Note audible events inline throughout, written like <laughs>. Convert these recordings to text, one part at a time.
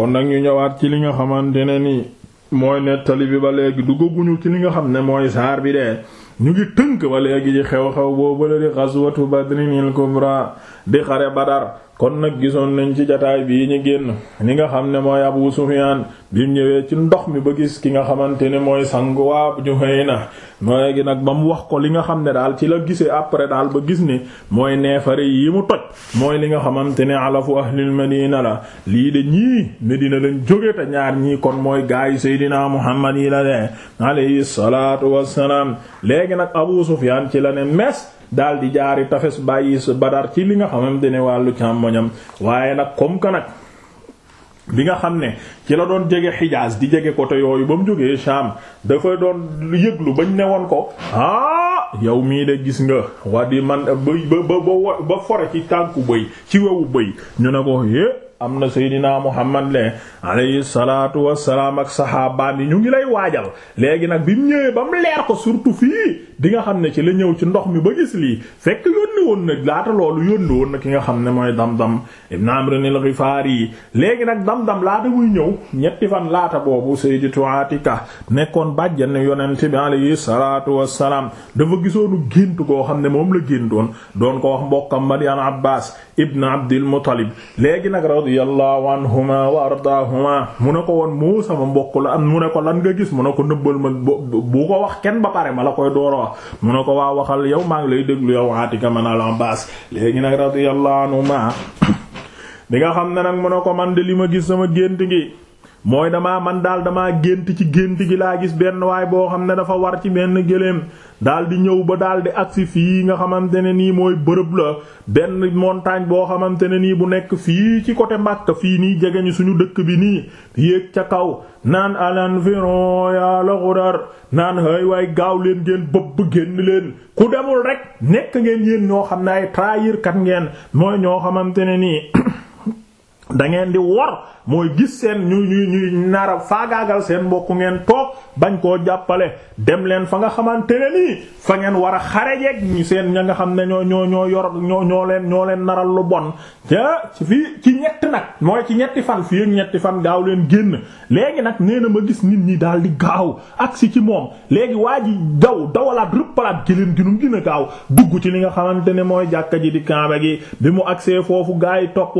kon nag ñu ñëwaat ci li nga xamante ne nii mooy nettali bi ba léegi duggaguñu ci li nga xam ne mooy saar bi de ñu ngi tënk ba léegi ci xew-xew boobu la di xaswatu badrinil kubra di xare badar kon nag gisoon nañ ci jataay bii ñu génn ni nga xam ne mooy Abu Sufyaan bi mu ñëwee ci ndox mi ba gis ki nga xamante ne mooy sangu waa Juhayna na gi nag ba mu wax ko li nga xam ne daal ci la gisee après daal ba gis ne mooy neefare yi mu toj mooy li nga xamante ne alafu ahlil madina la lii de ñii Medina lañ jóge te ñaar ñii kon mooy gaayu Seydina Muhammad yi la de alayhi salaatu wassalaam léegi nag Abu Sufyaan ci la ne mes daal di jaari tafes bàyyi sa badar ci li nga xamante ne wàllu càmmoñam waaye nag comme que nag bi nga xam ne ci la doon jege xijaas di jege côté yooyu ba mu jógee Sham dafa doon yëglu bañ ne woon ko ah yow mii de gis nga waa di man ba ba ba fore ci tànku bëy ci wewu bëy ñu ne ko yé am na seydinaa muhammad le alayhi salaatu wassalaam ak saxaabaan yi ñu ngi lay waajal léegi nag bi mu ñëwee ba mu leer ko surtout fii bi nga xam ne ci la ñëw ci ndox mi ba gis lii fekk yónni woon na laata loolu yónni woon nag ki nga xam ne mooy Damdam ibn Amr al-Ghifari léegi nag dam laata muy ñëw ñetti fan laata boobu sayyidatu Atika nekkoon bàjjan yonent bi alayhi salaatu wassalaam dafa gisoonu gént goo xam ne moom la géntoon doon ko wax mbokkam ma di an Abbaas ibn Abdil Muttalib léegi nag radiyallahu anhuma wa ardaahuma mu ne ko woon moo sama mbokk la am mu ne ko lan mu ne ko nëbbal ma bu ko kenn ba pare ma la koy doora mu ne ko waa waxal yow maa ngi lay déglu yow Atika man al Abbaas léegi nag radiyallahu anhuma <coughs> bi nga xam ne nag mu ne ko man de li ma gis sama gént gi mooy damaa man daal dama gént ci gént gi laa gis benn waay boo xam ne dafa war ci benn géléem daal di ñëw ba daal di agsi fii nga xamante ne nii mooy bërëb la benn montagne boo xamante ne nii bu nekk fii ci côté Makka fii nii jege ñu suñu dëkk bi nii yéeg ca kaw naan alan firon ya la xudar naan hay gaaw leen ngeen bëbb génn leen ku demul rek nekk ngeen yéen ñoo xam ne ay trahir kat ngeen mooy ñoo xamante ne nii <clears throat> da ngeen di wor mooy gis seen ñu ñu ñuy nara faagaagal seen mbokk ngeen toog bañ koo jàppale dem leen fa nga xamante ne nii fa ngeen war a xarejeeg ñu seen ña nga xam ne ñoo ñoo ñoo yor ñoo ñoo leen ñoo leen naral lu bon ca fii ci ñett nag mooy ci ñetti fan fii ak ñetti fan gaaw leen génn léegi nag nee na ma gis nit ñi daal di gaaw agsi ci moom léegi waa ji daw dawalaat rëppalaat gileen ginum gën a gaaw dugg ci li nga xamante ne mooy jàkka ji di kaaba gi bi mu agsee foofu gaa yi topp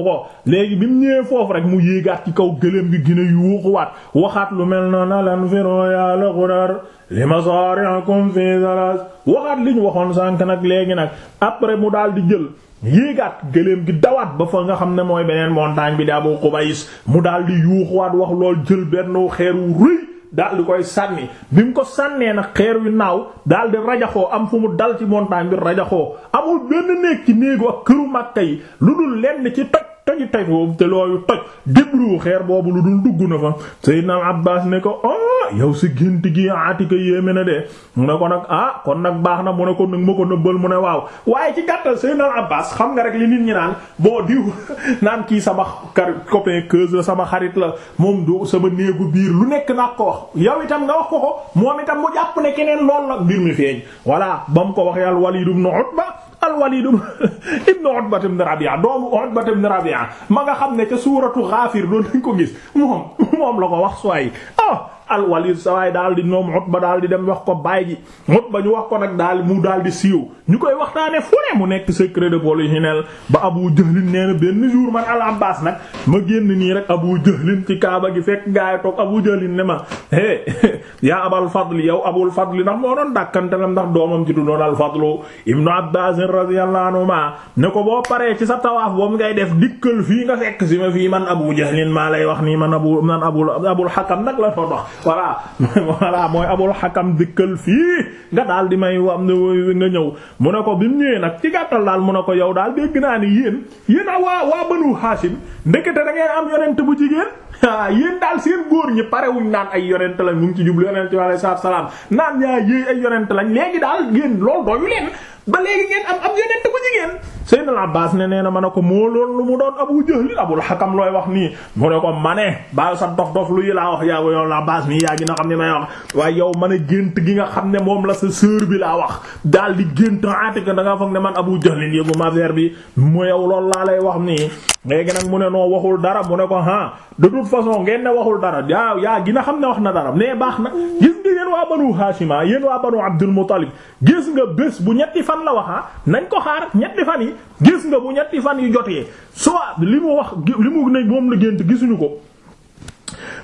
ñëwee foofu rek mu yéegaat ci kaw gëléem gi gën a yuuxuwaat waxaat lu mel na na lan firo ya la xudar li masari'akum fi salas waxaat li ñu waxoon sànk nag léegi nag après mu daal di jël yéegaat gëléem gi dawaat ba fa nga xam ne mooy beneen montagne bi di Abu Qubays mu daal di yuuxuwaat wax lool jël benn xeeru rëy daal di koy sànni bi mu ko sànnee nag xeer wi naaw daal di rajaxoo am fu mu dal ci montagne bi rajaxoo amul benn néeg ci néegu ak këru Makka yi lu dul lenn ci toj toji toj boobu te looyu toj débru xeer boobu lu dul dugg na fa Seydina Abbaas ne ko oh yow si gént gi Atika yéeme na de mu ne ko nag ah kon nag baax na mu ne ko nag ma ko nëbbal mu ne waaw waaye ci gàttal Seydina Abbaas xam nga rek li nit ñi naan boo diw <laughs> naan kii sama kar copain keuse la sama xarit la moom du sama néegu biir lu nekk naa ko wax yow itam nga wax ko ko moom itam mu jàpp ne keneen lool la mbir mi feeñ voilà ba mu ko wax yàlla Walid ibn Utba al-Walid ibn <laughs> Utbah ibn Rabi'a doomu Utbah ibn Rabi'a ma nga xam ne ca suuratu Ghafir doon nañ ko gis moom moom la ko wax sooy ah alwalid sawaay daal di ñoom Utba daal di dem wax ko baay ji Utba ñu wax ko nag daal mu daal di siiw ñu koy waxtaane fu ne mu nekk secret de polichinelle ba Abu Jahlin nee na benn jour man al Abbas nag ma génn nii rek Abu Jahlin ci Kaaba gi fekk gaa yi toog Abu Jahlin ne ma hé <laughs> yaa Abal Fadli yow Abul Fadli ndax moo doon dàkkantelam ndax doomam ci du doon al Fadlu ibnu Abbas radiyallahu anhuma ne ko boo paree ci sa tawaaf boobu ngay def dikkal fii nga fekk si ma fii man Abu Jahlin maa lay wax nii man Abu man Abul Abul Hakam nag la fa dox voilà <laughs> voilà mooy abul xakam dikkal fii nga daal di may am nga ñëw mu ne ko bi mu ñëwee nag ci gàttal daal mu ne ko yow daal dégg naa ni yéen yéen a waa waa banu Hashim ndekete da am yonent bu jigéen <laughs> ah yéen daal seen góor ñi parewuñ naan ay yonent lañ mu ngi ci jublu yonent bi alayhi salaam naan yaa yéey ay yonent lañ léegi daal yéen loolu doyu leen ba léegi ngeen am am yonent bu jigéen. Seydina Abbaas ne nee na ma ko moo loon lu mu doon Abu Jahl Abul Hakam looy wax nii mu ne ko ma ne bàyyi sa dof dof lu yi laa wax yaa gi na xam ne may waaye yow man a gént gi nga xam ne moom la sa bi laa wax daal di gént Aatika da nga foog ne man Abu Jahl ma bi mu yow loolu laa lay wax nii léegi nag mu ne noo waxul dara mu ne ko ah de toute façon waxul dara yaa yaa gi na xam ne wax na dara mais baax na gis nga yéen waa Banu Haashima yéen waa Banu Abdul Muttalib gis nga bés bu ñetti fan la a nañ ko xaar ñetti fan yi gis nga bu ñetti fan yu jotee soo li mu wax li mu ne moom la gént gisuñu ko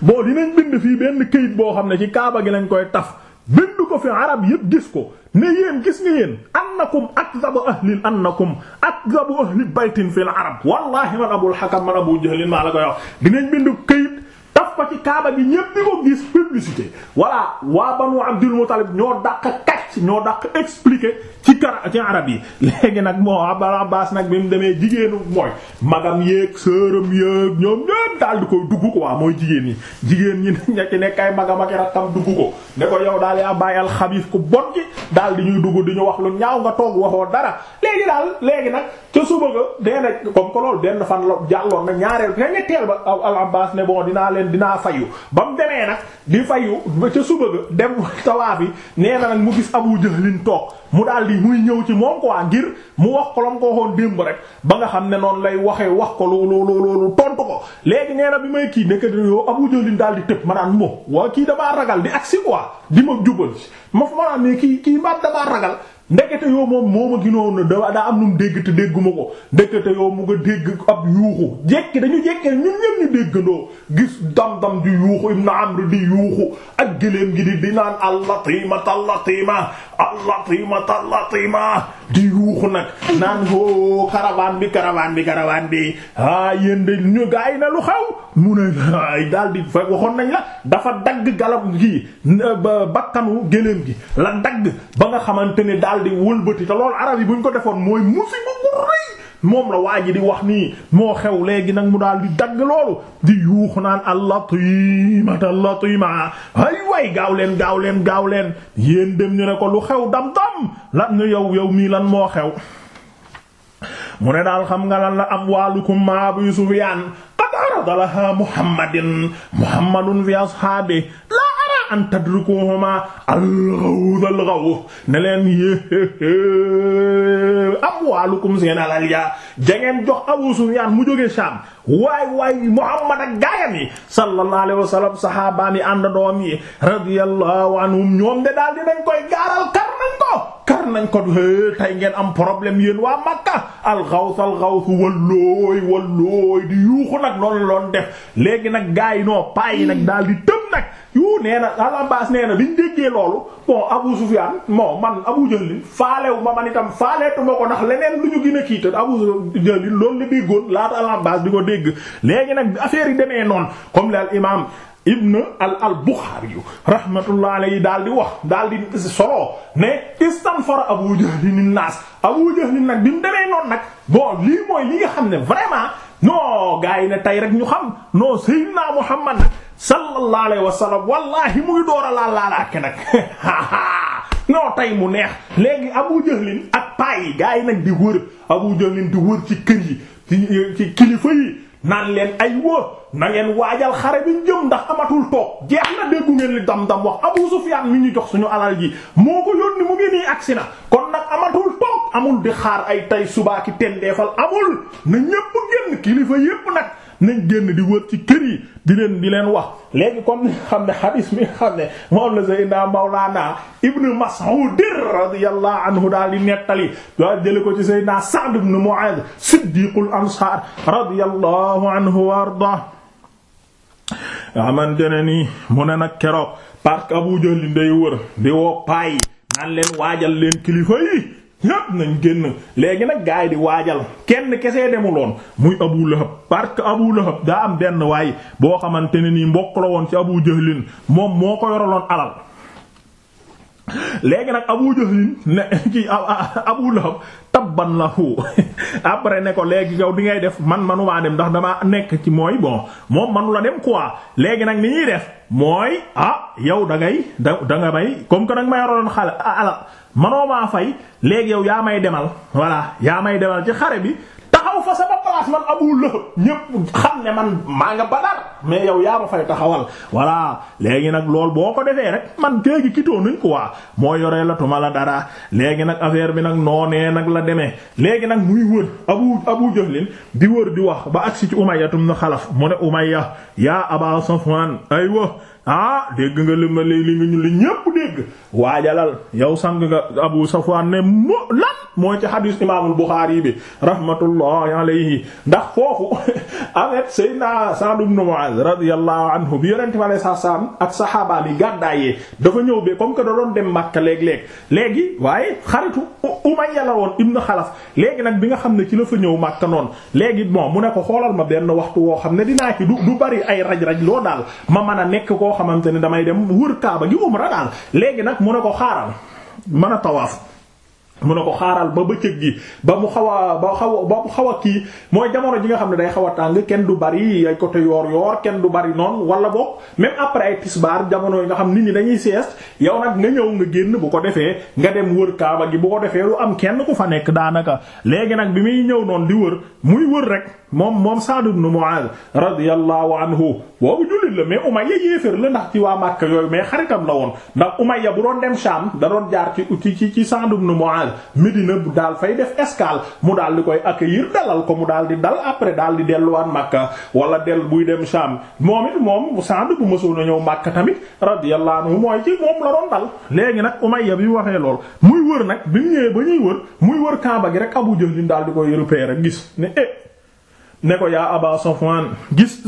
boo bon dinañ bind fii benn këyit boo xam ne ci kaaba gi lañ koy taf bind ko fi arab yëpp gis ko ne yéen gis nga yéen annakum akzabu ahli annakum akzabu ahli baytin fil arab wallahi man abul hakam man abu jahlin maa la koy wax dinañ bindu këyit taf ko ci kaaba gi ñëpp di ko gis publicité voilà waa banu abdul muttalib ñoo dàq xaj ñoo daq expliquer ci kara ci arab yi léegi nag moo Abul Abbaas nag bi mu demee jigéenu mooy magam yéeg sëram yéeg ñoom ñépp daal di dugg ko waa mooy jigéen ñi jigéen ñi ña ci nekk ay magam ak rakkam dugg ko ne ko yow daal yaa bàyyi alxabiis ku bon ci daal di ñuy dugg di ñu wax lu ñaaw nga toog waxoo dara léegi daal léegi nag ca suba ga dee na comme que loolu benn fan la jàlloon na ñaareel nga ñetteel ba al Abbaas ne bon dinaa leen dinaa fayu ba mu demee nag di fayu ca suba ga dem Abu Jahlin toog mu daal di muy ñëw ci moom quoi ngir mu wax ko la mu ko waxoon démb rek ba nga xam ne noonu lay waxee wax ko lu lu lu tontu ko léegi nee na bi may kii nekk yow Abu Jahlin daal di tëb ma naan moom waa kii damaa ragal di agsi quoi di ma jubal ma fu ma naan ne kii kii ma damaa ragal. ndekete yoo moom moom a ginoon da daa am nu mu dégg te dégguma ko ndekete yoo mu nga dégg ab yuuxu jekki dañu jekkee ñun ñëpp ñu déggandoo gis dam-dam di yuuxu ibn amr di yuuxu ak gëléem gi di di naan allatima tallatima allatima tallatima di yuuxu nag naan o caravane bi caravane bi caravane bi a yéen de ñu gaa yi na lu xaw mu ne ay daal di fa waxoon nañ la dafa dagg galab gi bakkanu gëléem gi la dagg ba nga xamante ne daal daal di wëlbati te loolu arab yi bu ñu ko defoon mooy musiba bu rëy moom la waa ji di wax nii moo xew léegi nag mu daal di dagg loolu di yuux naan allatimata allatima ay way gaaw leen gaaw leen gaaw leen yéen dem ñu ne ko lu xew dam-dam lan yow yow mii lan moo xew mu ne daal xam nga lan la amwaalukum ma Abu Sufyaan qad arada laha Muhammadin Muhammadun fi ashaabi an tadrukuhuma al-ghawth al-ghawth ne leen yéé seen alal yaa jangeen jox Abu Sufyaan mu jóge Sham waay waay Muhammad ak gaayam yi sallallahu alayhi wa sallam saxaabaam yi ànd doom yi radiyallahu anhum ñoom de daal dinañ koy gaaral kar nañ ko kar ko tey ngeen am problème yéen waa Makka al-ghawth al wallooy wallooy di yuuxu nag noonu loon def léegi nag gaay noo payi daal di tëm yu nee na al Abbaas nee na bi ñu déggee loolu bon Abu Sufyaan bon man Abu Jahl faalewu ma man itam faaleetuma ko ndax leneen lu ñu gën a kii te Abu Jahl loolu la déggoon laata al Abbaas di ko dégg léegi nag affaire yi demee noonu comme le al imaam ibn al al Buxaari yu rahmatullah daal di wax daal di solo ne istanfara Abu Jahlin naas Abu Jahlin nag bi mu demee noonu nag bon lii mooy li nga xam ne vraiment non gars ne tey rek ñu xam non Seydina Muhammad sallallahu alayhi wa sallam wallaahi muy door a laal ak nag <laughs> non tey mu neex léegi Abu Jahlin ak paa yi gars yi nag di wër Abu Jahlin di wër ci kër yi ci kilifa yi naan leen ay woo na ngeen waajal xare bi jëm ndax amatul toog jeex na déggu ngeen li dam-dam wax Abu Sufyaan mi ñu jox suñu alal ji moo ko yónni mu ngi nii agsi na kon nag amatul toog amul di xaar ay tay subaaki tendeefal amul na ñépp génn kilifa yépp nag. nañ génn di wër ci kër di leen di leen wax léegi comme xam ne xadiis mi xam ne moom la Seydina Mawlana Ibn Mas'ud radiyallahu anhu daal di nettali daal jële ko ci Seydina Sa'd ibn Mu'adh siddiqul ansaar radiyallahu anhu wa ardaah di woo paay naan leen waajal leen kilifa ñépp nañ génn léegi nag gars di waajal kenn kese demu loon muy Abu Lahab parce que Abu Lahab daa am benn waay boo xamante ne nii mbokk la woon ci Abu Jahlin moom moo ko yoraloon alal léegi nag Abu Jahlin ne <laughs> kii Abu Lahab tabban lahu <laughs> après ne ko léegi yow di ngay def man manumaa dem ndax damaa nekk ci mooy bon moom manu la dem quoi léegi nag ni ñuy def mooy ah yow da ngay da da nga may comme que nag ma yoroon xale ala manoo maa fay léegi yow yaa may demal voilà yaa may demal ci xare bi taxaw fa sama place man Abu Lahab ñépp xam ne man maa nga Badar mais yow yaa ma fay taxawal voilà léegi nag lool boo ko defee rek man kéegi kitoo nuñ quoi moo yoree la la dara léegi nag affaire bi nag noonee demee léegi nag muy wër abu abu jahlin di wër di wax ba agsi ci umayyatum na xalaf mu ne umayya yaa aba safwan aywa ah dégg nga li ma li nga ñu li ñépp dégg waajalal yow sang nga abu safwan ne mo la moo ci xadiis imaamul Buxaari bi rahmatullahi alayhi ndax foofu avec <laughs> Seydina Sa'd ibn Mu'adh radiyallahu anhu bi yonente bi alayhi salaam ak saxaaba bi gàddaayee dafa ñëw be comme que da doon dem Makka léeg-léeg léegi waaye xaritu Umayya la woon ibn Xalaf léegi nag bi nga xam ne ci la fa ñëw Makka noon léegi bon mu ne ko xoolal ma benn waxtu woo xam ne dinaa ci du du bari ay raj-raj loo daal ma mën a nekk koo xamante ne damay dem wër Kaaba gi umra daal léegi nag mu ne ko xaaral mën a tawaaf mu ne ko xaaral ba bëccëg gi ba mu xaw a ba xaw ba mu xaw a kii mooy jamono ji nga xam ne day xaw a tàng kenn du bari ay côté yoor yoor kenn du bari noon wala boog même après ay tisbaar jamono yi nga xam nit ñi dañuy sieste yow nag nga ñëw nga génn bu ko defee nga dem wër kaaba gi bu ko defee lu am kenn ku fa nekk daanaka léegi nag bi muy ñëw noonu di wër muy wër rek. moom moom Sa'd ibn Mu'adh radiyallahu anhu boobu jullit la mais Umayya yéefér la ndax ci waa Makka yooyu mais xaritam la woon ndax Umayya bu doon dem Sham da jaar ci ci ci Sa'd ibn Mu'adh Medina bu daal fay def mu daal di koy ko mu daal di dal après daal di delluwaat Makka wala del buy dem Sham moom it moom Sa'd bu mësoon a ñëw Makka tamit radiyallahu anhu mooy ci moom la doon dal léegi nag Umayya bi waxee lool muy wër nag bi mu ñëwee ba ñuy wër muy wër Kaaba gi rek Abu Jahl daal di koy repérer rek gis ne eh ne ko yaa Aba Safwan gis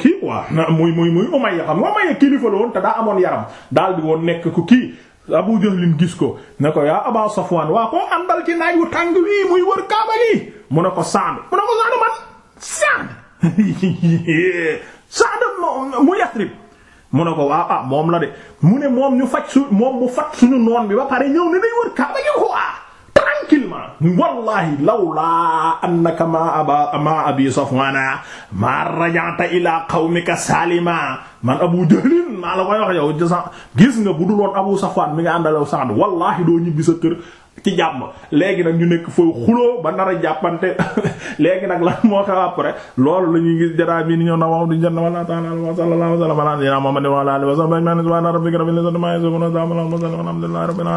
kii waa muy muy muy Umayya xam nga Umayya woon te daa amoon yaram daal di woon nekk ku kii Abu gis ko ne ko yaa Aba Safwan waa koo àndal ci naaj wu tàng wii muy wër Kaaba lii mu ne ko Sa'd mu ne ko Sa'd man Sa'd Sa'd <laughs> mu Yasrib mu ne ko waaw ah moom la de mu ne moom ñu faj su moom suñu noon bi ba pare ñëw ne day wër Kaaba gi quoi shakil ma wallahi lawlaa annaka ma aba ma abi safwana ma raja'ta ila qawmika salima man abu jahlin maa la koy wax yow gis nga bu dul woon abu safwan mi nga àndalaw saxd wallahi doo ñibbi sa kër ci jàmm léegi nag ñu nekk fooy xuloo ba nar a jàppante <laughs> léegi nag lan moo xew après loolu la gis jaraa ni ñëw na waaw di jënd ba ta'ala wa sallallahu wa sallama ala sayyidina muhammadin wa ala alihi wa sahbihi ajma'in subhana rabbika rabbil izzati amma yasifun wa salamun ala al mursalin walhamdulillahi rabbil alamin